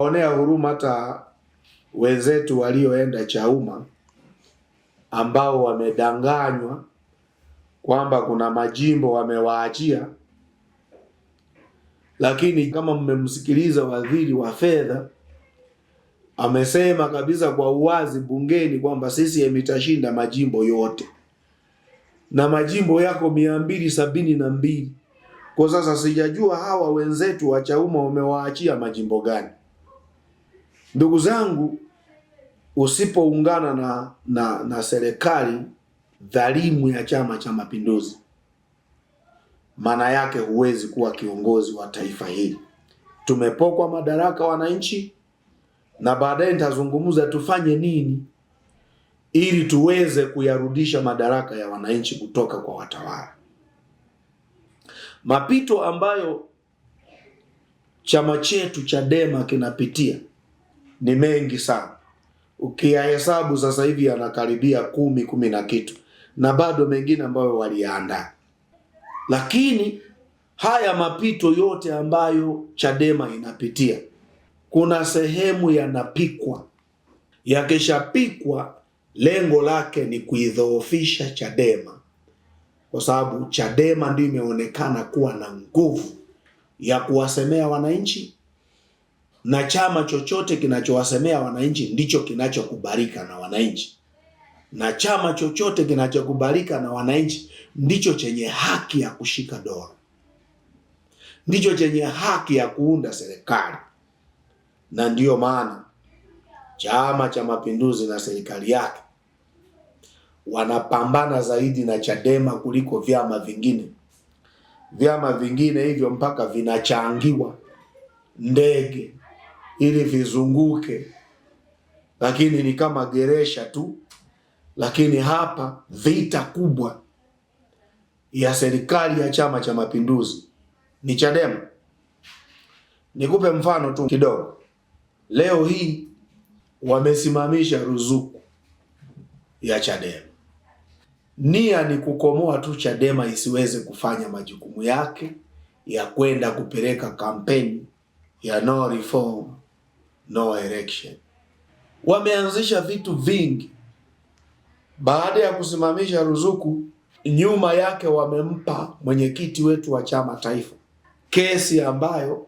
onea huruma hata wenzetu walioenda Chauma ambao wamedanganywa kwamba kuna majimbo wamewaachia, lakini kama mmemsikiliza waziri wa fedha amesema kabisa kwa uwazi bungeni kwamba sisi emitashinda majimbo yote na majimbo yako mia mbili sabini na mbili. Kwa sasa sijajua hawa wenzetu wa Chauma wamewaachia majimbo gani. Ndugu zangu, usipoungana na, na, na serikali dhalimu ya Chama cha Mapinduzi, maana yake huwezi kuwa kiongozi wa taifa hili. Tumepokwa madaraka wananchi, na baadaye nitazungumza tufanye nini ili tuweze kuyarudisha madaraka ya wananchi kutoka kwa watawala. Mapito ambayo chama chetu Chadema kinapitia ni mengi sana. Ukiyahesabu sasa hivi yanakaribia kumi, kumi na kitu, na bado mengine ambayo waliandaa. Lakini haya mapito yote ambayo Chadema inapitia, kuna sehemu yanapikwa, yakishapikwa lengo lake ni kuidhoofisha Chadema kwa sababu Chadema ndio imeonekana kuwa na nguvu ya kuwasemea wananchi na chama chochote kinachowasemea wananchi ndicho kinachokubalika na wananchi, na chama chochote kinachokubalika na wananchi ndicho chenye haki ya kushika dola, ndicho chenye haki ya kuunda serikali. Na ndiyo maana Chama cha Mapinduzi na serikali yake wanapambana zaidi na Chadema kuliko vyama vingine. Vyama vingine hivyo mpaka vinachangiwa ndege ili vizunguke, lakini ni kama geresha tu. Lakini hapa vita kubwa ya serikali ya Chama cha Mapinduzi ni Chadema. Nikupe mfano tu kidogo. Leo hii wamesimamisha ruzuku ya Chadema. Nia ni kukomoa tu Chadema isiweze kufanya majukumu yake ya kwenda kupeleka kampeni ya no reform no election. Wameanzisha vitu vingi baada ya kusimamisha ruzuku, nyuma yake wamempa mwenyekiti wetu wa chama taifa kesi ambayo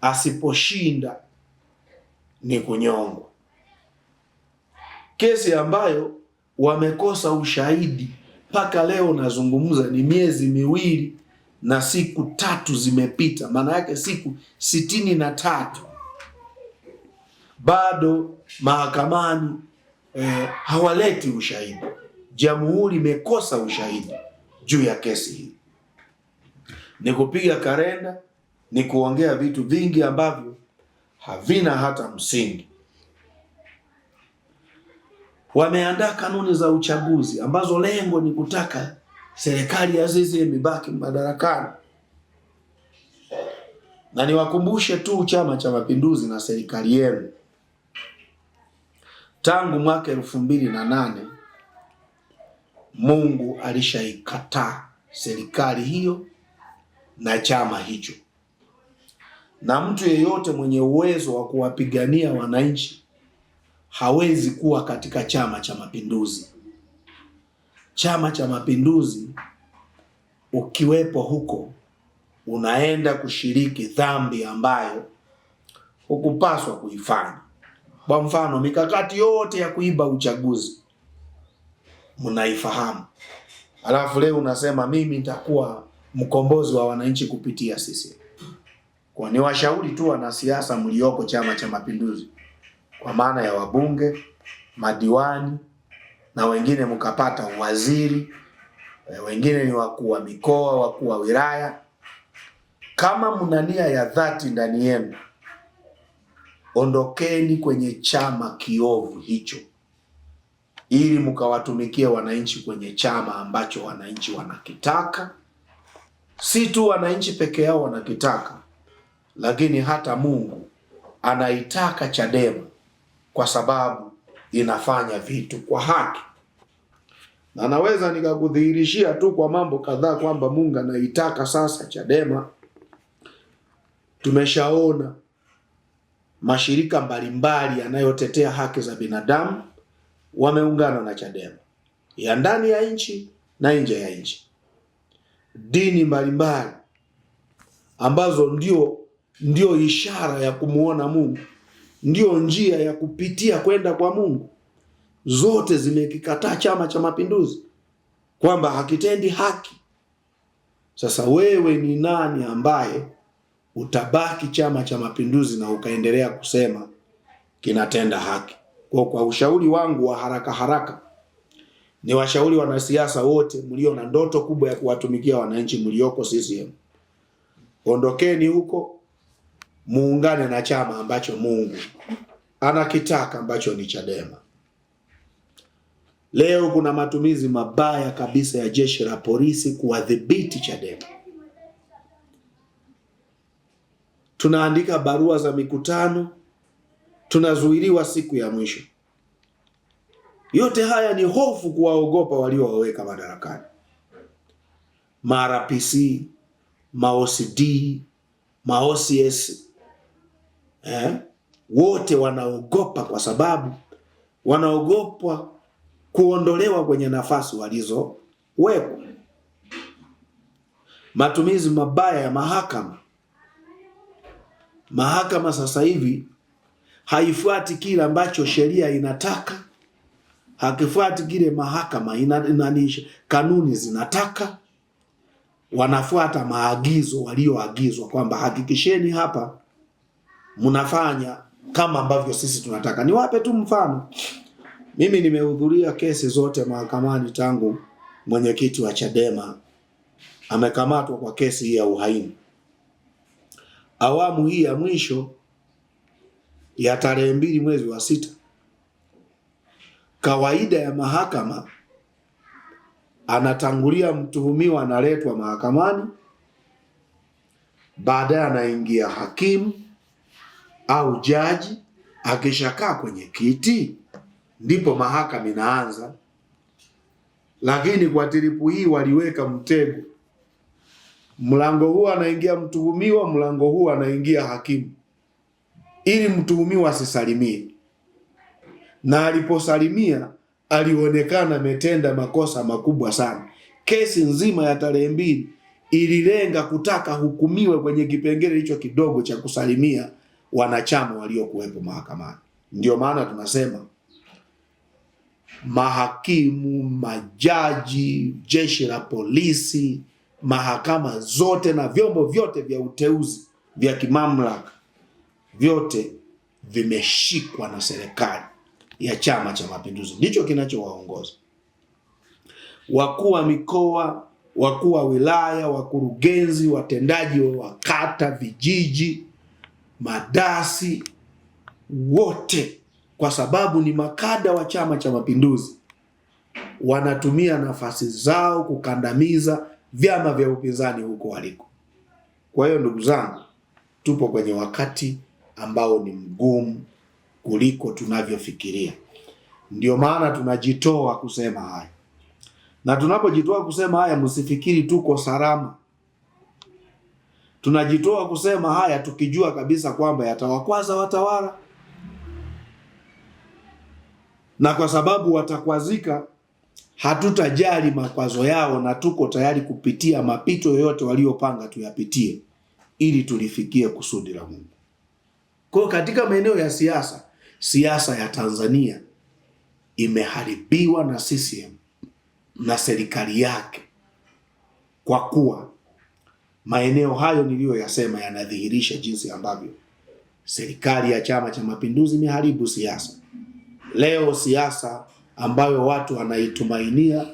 asiposhinda ni kunyongwa, kesi ambayo wamekosa ushahidi mpaka leo nazungumza, ni miezi miwili na siku tatu zimepita, maana yake siku sitini na tatu bado mahakamani eh, hawaleti ushahidi. Jamhuri imekosa ushahidi juu ya kesi hii. Ni kupiga karenda, ni kuongea vitu vingi ambavyo havina hata msingi. Wameandaa kanuni za uchaguzi ambazo lengo ni kutaka serikali ya CCM ibaki madarakani, na niwakumbushe tu Chama cha Mapinduzi na serikali yenu tangu mwaka elfu mbili na nane Mungu alishaikataa serikali hiyo na chama hicho, na mtu yeyote mwenye uwezo wa kuwapigania wananchi hawezi kuwa katika Chama cha Mapinduzi. Chama cha Mapinduzi ukiwepo huko, unaenda kushiriki dhambi ambayo hukupaswa kuifanya. Kwa mfano, mikakati yote ya kuiba uchaguzi mnaifahamu, alafu leo unasema mimi nitakuwa mkombozi wa wananchi kupitia sisi. Kwa ni washauri tu wanasiasa mlioko Chama cha Mapinduzi, kwa maana ya wabunge, madiwani na wengine mkapata waziri, eh, wengine ni wakuu wa mikoa, wakuu wa wilaya. Kama mna nia ya dhati ndani yenu ondokeni kwenye chama kiovu hicho, ili mkawatumikie wananchi kwenye chama ambacho wananchi wanakitaka. Si tu wananchi peke yao wanakitaka, lakini hata Mungu anaitaka Chadema kwa sababu inafanya vitu kwa haki, na naweza nikakudhihirishia tu kwa mambo kadhaa kwamba Mungu anaitaka sasa Chadema. Tumeshaona mashirika mbalimbali yanayotetea haki za binadamu wameungana na Chadema ya ndani ya nchi na nje ya nchi, dini mbalimbali ambazo ndio ndio ishara ya kumuona Mungu, ndio njia ya kupitia kwenda kwa Mungu, zote zimekikataa Chama cha Mapinduzi kwamba hakitendi haki. Sasa wewe ni nani ambaye utabaki Chama cha Mapinduzi na ukaendelea kusema kinatenda haki. Kwa, kwa ushauri wangu wa haraka haraka ni washauri wanasiasa wote mlio na ndoto kubwa ya kuwatumikia wananchi mlioko CCM, ondokeni huko muungane na chama ambacho Mungu anakitaka ambacho ni Chadema. Leo kuna matumizi mabaya kabisa ya jeshi la polisi kuwadhibiti Chadema. tunaandika barua za mikutano, tunazuiliwa siku ya mwisho. Yote haya ni hofu kuwaogopa waliowaweka madarakani. marapc MAOCD, MAOCS eh, wote wanaogopa kwa sababu wanaogopa kuondolewa kwenye nafasi walizowekwa. Matumizi mabaya ya mahakama Mahakama sasa hivi haifuati kile ambacho sheria inataka, hakifuati kile mahakama ina, kanuni zinataka, wanafuata maagizo walioagizwa kwamba hakikisheni hapa mnafanya kama ambavyo sisi tunataka. Niwape tu mfano, mimi nimehudhuria kesi zote mahakamani tangu mwenyekiti wa Chadema amekamatwa kwa kesi hii ya uhaini awamu hii ya mwisho ya tarehe mbili mwezi wa sita. Kawaida ya mahakama, anatangulia mtuhumiwa analetwa mahakamani, baadaye anaingia hakimu au jaji. Akishakaa kwenye kiti, ndipo mahakama inaanza, lakini kwa tiripu hii waliweka mtego mlango huu anaingia mtuhumiwa, mlango huu anaingia hakimu, ili mtuhumiwa asisalimie. Na aliposalimia alionekana ametenda makosa makubwa sana. Kesi nzima ya tarehe mbili ililenga kutaka hukumiwe kwenye kipengele hicho kidogo cha kusalimia wanachama waliokuwepo mahakamani. Ndio maana tunasema mahakimu, majaji, jeshi la polisi mahakama zote na vyombo vyote vya uteuzi vya kimamlaka vyote vimeshikwa na serikali ya Chama cha Mapinduzi, ndicho kinachowaongoza wakuu wa mikoa, wakuu wa wilaya, wakurugenzi, watendaji wa kata, vijiji, madasi, wote kwa sababu ni makada wa Chama cha Mapinduzi, wanatumia nafasi zao kukandamiza vyama vya upinzani huko waliko. Kwa hiyo ndugu zangu, tupo kwenye wakati ambao ni mgumu kuliko tunavyofikiria. Ndio maana tunajitoa kusema haya, na tunapojitoa kusema haya, msifikiri tuko salama. Tunajitoa kusema haya tukijua kabisa kwamba yatawakwaza watawala, na kwa sababu watakwazika hatutajali makwazo yao na tuko tayari kupitia mapito yoyote waliopanga tuyapitie ili tulifikie kusudi la Mungu. Kwa katika maeneo ya siasa, siasa ya Tanzania imeharibiwa na CCM na serikali yake, kwa kuwa maeneo hayo niliyoyasema yanadhihirisha jinsi ambavyo serikali ya Chama cha Mapinduzi imeharibu siasa. Leo siasa ambayo watu wanaitumainia,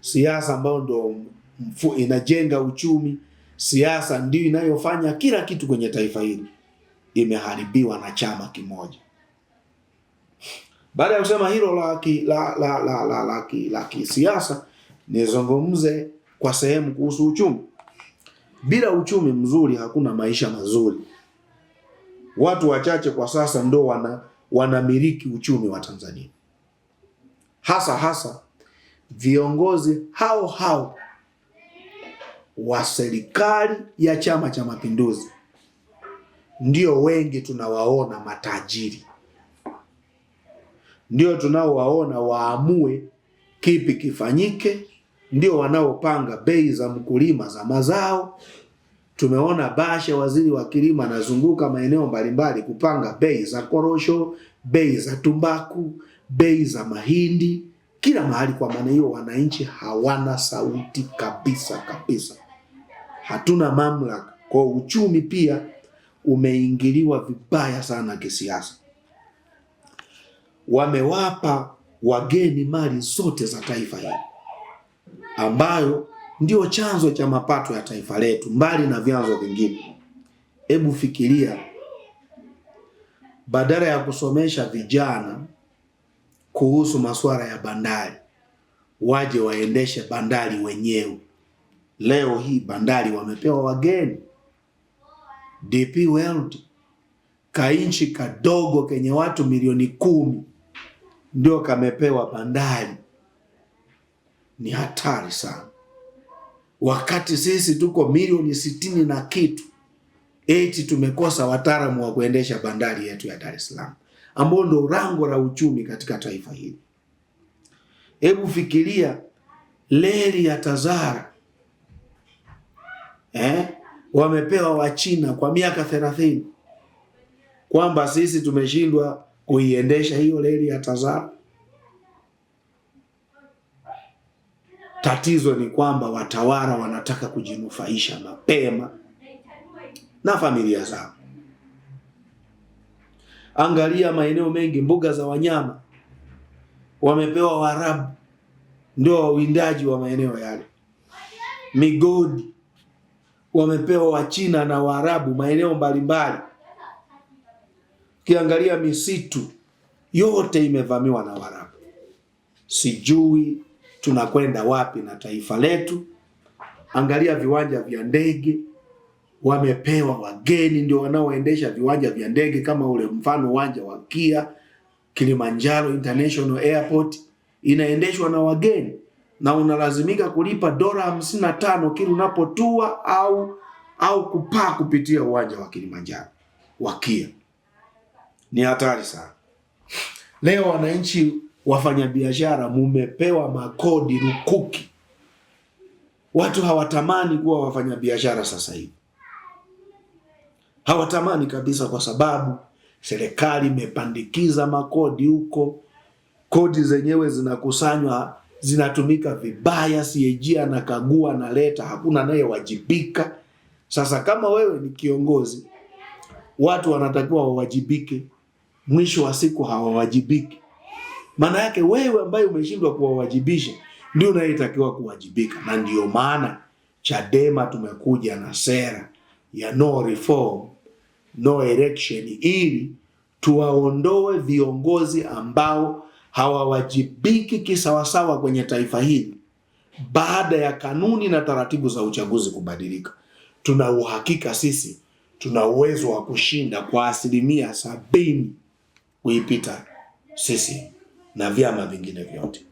siasa ambayo ndio inajenga uchumi, siasa ndio inayofanya kila kitu kwenye taifa hili, imeharibiwa na chama kimoja. Baada ya kusema hilo la la la la la la la kisiasa, nizungumze kwa sehemu kuhusu uchumi. Bila uchumi mzuri hakuna maisha mazuri. Watu wachache kwa sasa ndo wana wanamiliki uchumi wa Tanzania hasa hasa viongozi hao hao wa serikali ya Chama cha Mapinduzi ndio wengi tunawaona matajiri, ndio tunaowaona waamue kipi kifanyike, ndio wanaopanga bei za mkulima za mazao. Tumeona Bashe, waziri wa kilimo, anazunguka maeneo mbalimbali kupanga bei za korosho, bei za tumbaku bei za mahindi, kila mahali. Kwa maana hiyo, wananchi hawana sauti kabisa kabisa, hatuna mamlaka. Kwa uchumi pia umeingiliwa vibaya sana kisiasa. Wamewapa wageni mali zote za taifa hili ambayo ndio chanzo cha mapato ya taifa letu mbali na vyanzo vingine. Hebu fikiria, badala ya kusomesha vijana kuhusu masuala ya bandari, waje waendeshe bandari wenyewe. Leo hii bandari wamepewa wageni, DP World, kainchi kadogo kenye watu milioni kumi ndio kamepewa bandari. Ni hatari sana, wakati sisi tuko milioni sitini na kitu eti tumekosa wataalamu wa kuendesha bandari yetu ya Dar es Salaam ambao ndo rango la uchumi katika taifa hili. Hebu fikiria reli ya Tazara eh, wamepewa Wachina kwa miaka thelathini, kwamba sisi tumeshindwa kuiendesha hiyo leli ya Tazara. Tatizo ni kwamba watawala wanataka kujinufaisha mapema na familia zao. Angalia maeneo mengi, mbuga za wanyama wamepewa Waarabu, ndio wawindaji wa maeneo yale. Migodi wamepewa Wachina na Waarabu maeneo mbalimbali. Ukiangalia misitu yote imevamiwa na Waarabu. Sijui tunakwenda wapi na taifa letu. Angalia viwanja vya ndege wamepewa wageni, ndio wanaoendesha viwanja vya ndege kama ule mfano uwanja wa Kia Kilimanjaro International Airport inaendeshwa na wageni, na unalazimika kulipa dola hamsini na tano kila unapotua au au kupaa kupitia uwanja wa Kilimanjaro wa Kia. Ni hatari sana. Leo wananchi, wafanyabiashara, mumepewa makodi rukuki. Watu hawatamani kuwa wafanyabiashara sasa hivi hawatamani kabisa, kwa sababu serikali imepandikiza makodi huko, kodi zenyewe zinakusanywa zinatumika vibaya, CAG anakagua analeta, hakuna anayewajibika. Sasa kama wewe ni kiongozi, watu wanatakiwa wawajibike, mwisho wa siku hawawajibiki. Maana yake wewe ambaye umeshindwa kuwawajibisha ndio unayetakiwa kuwajibika, na ndio maana Chadema tumekuja na sera ya no reform no election, ili tuwaondoe viongozi ambao hawawajibiki kisawasawa kwenye taifa hili. Baada ya kanuni na taratibu za uchaguzi kubadilika, tuna uhakika sisi tuna uwezo wa kushinda kwa asilimia sabini kuipita sisi na vyama vingine vyote.